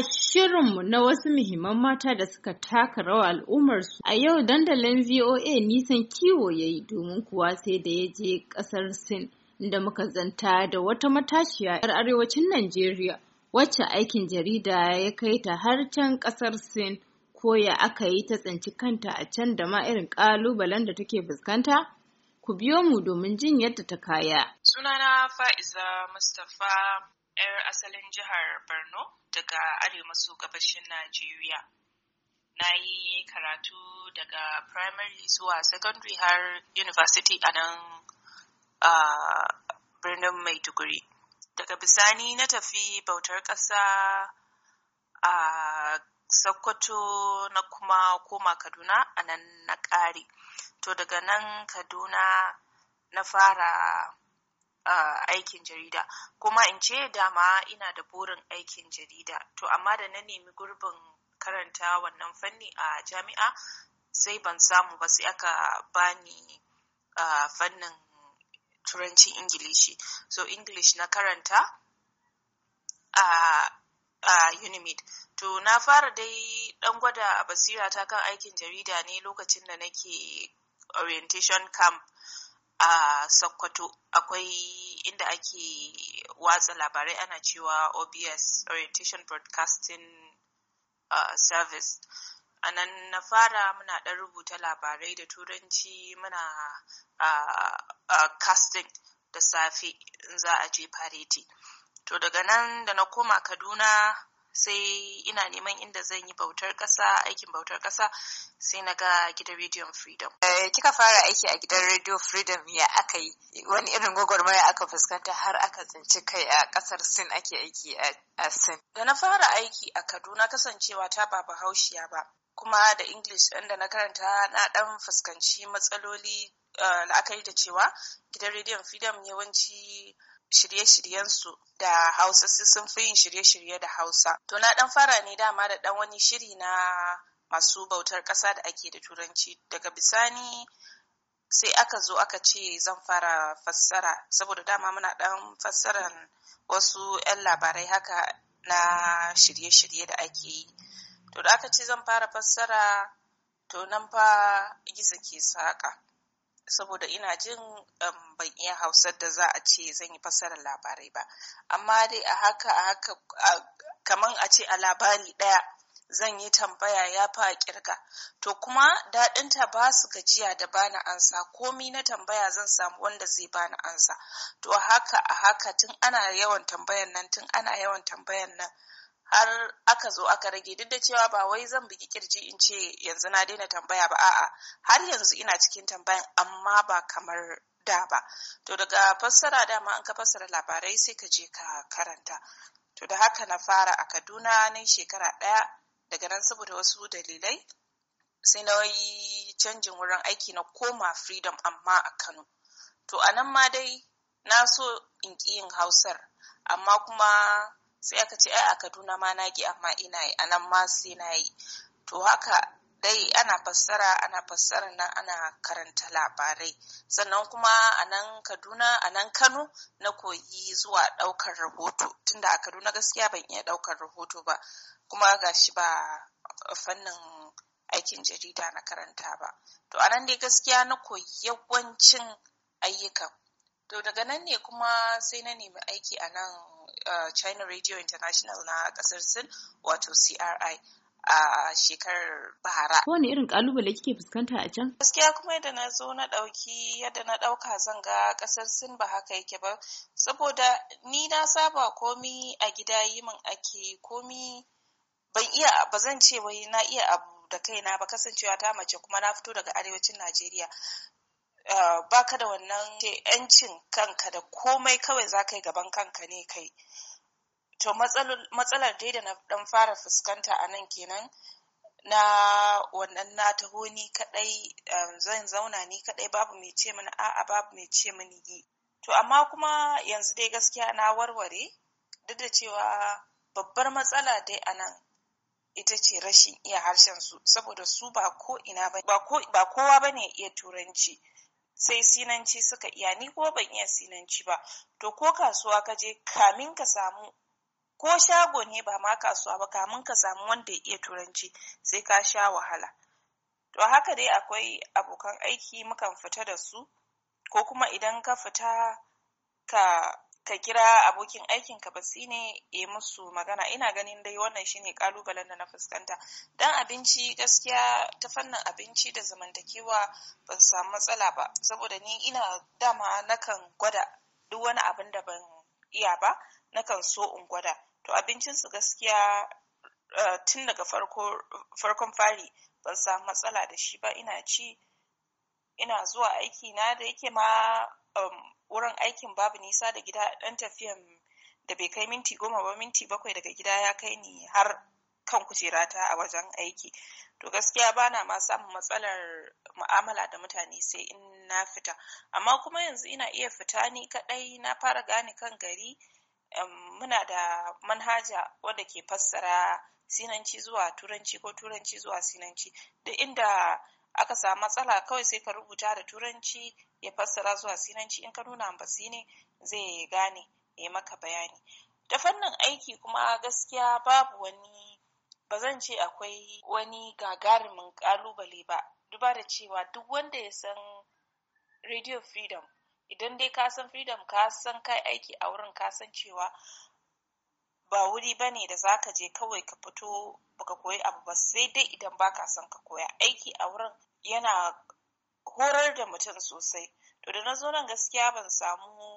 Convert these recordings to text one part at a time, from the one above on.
a shirinmu na wasu muhimman mata da suka taka rawa al'ummarsu. A yau dandalin VOA nisan kiwo ya yi domin kuwa sai da ya je ƙasar Sin da muka zanta da wata matashiya 'yar arewacin Najeriya wacce aikin jarida ya kai ta har can ƙasar Sin. ko ya aka yi ta tsinci kanta a can da ma irin ƙalubalen da take fuskanta? Ku biyo mu domin jin yadda ta kaya. Sunana Fa'iza Mustapha 'yar asalin jihar Borno daga arewa maso gabashin Najeriya. Na yi karatu daga primary zuwa secondary har university a nan birnin Maiduguri. Daga bisani na tafi bautar ƙasa a Sokoto na kuma koma Kaduna a nan na ƙari. to daga nan kaduna na fara uh, aikin jarida kuma in ce dama ina da burin aikin jarida to amma da na nemi gurbin karanta wannan fanni a jami'a sai ban samu ba sai aka bani uh, fannin turanci ingilishi so english na karanta a Unimed. To na fara dai dan gwada basira ta kan aikin jarida ne lokacin da nake orientation camp a Sokoto akwai inda ake watsa labarai ana cewa OBS Orientation Broadcasting uh, Service. A nan na fara muna dan rubuta labarai da turanci muna uh, uh, casting da safe za a je fareti. to daga nan da na koma kaduna sai ina neman inda zan yi bautar ƙasa aikin bautar ƙasa sai na ga gidan radio freedom eh, kika fara aiki a gidan radio freedom ya aka yi wani irin gwagwarmaya aka fuskanta har aka tsinci kai a ƙasar sin ake aiki a sin da na fara aiki a kaduna kasancewa ta ba bahaushiya ba kuma da english ɗin da na karanta na ɗan fuskanci matsaloli Eh, la'akari da cewa gidan rediyon freedom yawanci shirye-shiryensu da hausa sun fi yin shirye-shirye da hausa to na dan fara ne dama da dan wani shiri na masu bautar ƙasa da ake da turanci daga bisani sai aka zo aka ce zan fara fassara saboda dama muna dan fassaran wasu 'yan labarai haka na shirye-shirye da ake yi to da aka ce zan fara fassara to nan fa gizo ke saƙa saboda ina jin um, ban iya hausar da za a ce zan yi fasarar labarai ba amma dai a haka a haka kaman a ce a labari ɗaya zan yi tambaya ya fi a kirga to kuma daɗinta ba su gajiya da bani ansa komi na tambaya zan samu wanda zai bani ansa to a haka a haka tun ana yawan tambayan nan tun ana yawan tambayan nan har aka zo aka rage duk da cewa ba wai zan bugi kirji in ce yanzu na daina tambaya ba a'a har yanzu ina cikin tambayan amma ba kamar da ba to daga fassara dama an ka fassara labarai sai ka je ka karanta to da haka na fara a kaduna na shekara ɗaya daga nan saboda wasu dalilai sai na yi canjin wurin aiki na koma freedom amma a kano to a nan ma dai na so in ƙi yin hausar amma kuma sai aka ce ai a kaduna ma na nagi amma ina yi a ma sai na yi to haka dai ana fassara ana fassara nan ana karanta labarai sannan kuma a nan kaduna a nan kano na koyi zuwa ɗaukar rahoto tunda a kaduna gaskiya ban iya ɗaukar rahoto ba kuma gashi ba fannin aikin jarida na karanta ba to a nan dai gaskiya na koyi yawancin ayyukan to daga nan ne kuma sai na nemi aiki a nan Uh, China Radio International na kasar Sin wato CRI. a shekarar bara. Wani irin kalubale kike fuskanta a can? Gaskiya kuma yadda na zo na ɗauki yadda na ɗauka zan ga ƙasar Sin ba haka yake ba. Saboda ni na saba komi a gida yi min ake komi ban iya ba zan ce wai na iya abu da kaina ba kasancewa ta mace kuma na fito daga arewacin Najeriya. Eh, baka da wannan yancin kanka da komai kawai za ka yi gaban kanka ne kai to matsalar dai da na dan fara fuskanta a nan kenan na wannan na taho ni kadai eh, zan zauna ni kadai babu mai ce mini a'a babu mai ce mini yi to amma kuma yanzu dai gaskiya na warware duk da cewa babbar matsala dai a nan ita ce rashin iya harshen su saboda su ba ko ina ba ba kowa bane iya turanci sai sinanci suka iya ni ko ban iya sinanci ba to ko kasuwa ka je kamin ka samu ko shago ne ba ma kasuwa ba kamin ka samu wanda ya iya turanci sai ka sha wahala to haka dai akwai abokan aiki mukan fita da su ko kuma idan ka fita ka ka kira abokin aikin ka ba ne ya musu magana ina ganin dai wannan shine kalubalen da na fuskanta dan abinci gaskiya ta fannin abinci da zamantakewa ban samu matsala ba saboda ni ina dama nakan gwada duk wani abin da ban iya ba nakan so in gwada to abincin su gaskiya eh, tun daga farkon fari ban samu matsala da shi ba ina ci ina zuwa aiki na da yake ma Um, wurin aikin babu nisa da gida ɗan tafiyan da bai kai minti goma ba minti bakwai daga gida ya kai ni har kan kujerata a wajen aiki to gaskiya bana ma samun matsalar mu'amala da mutane sai in na fita amma kuma yanzu ina iya fita ni kadai na fara gane kan gari um, muna da manhaja wanda ke fassara sinanci zuwa turanci ko turanci zuwa sinanci da inda aka samu matsala kawai sai ka rubuta da turanci ya fassara zuwa sinanci in ka nuna ambasi ne zai gane ya maka bayani ta fannin aiki kuma gaskiya babu wani ba zan ce akwai wani gagarumin kalubale ba duba da cewa duk wanda ya san radio freedom idan dai ka san freedom ka san kai aiki a wurin ka san cewa ba wuri ba ne da za ka je kawai ka fito ka koyi abu ba sai dai idan ba ka son ka koya aiki a wurin yana horar da mutum sosai to da na zo nan gaskiya ban samu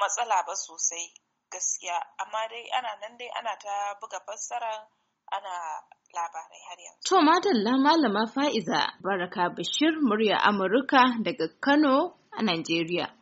matsala ba sosai gaskiya amma dai ana nan dai ana ta buga fassara ana labarai har yanzu. To madalla malama fa'iza baraka bashir murya Amurka daga Kano a Najeriya.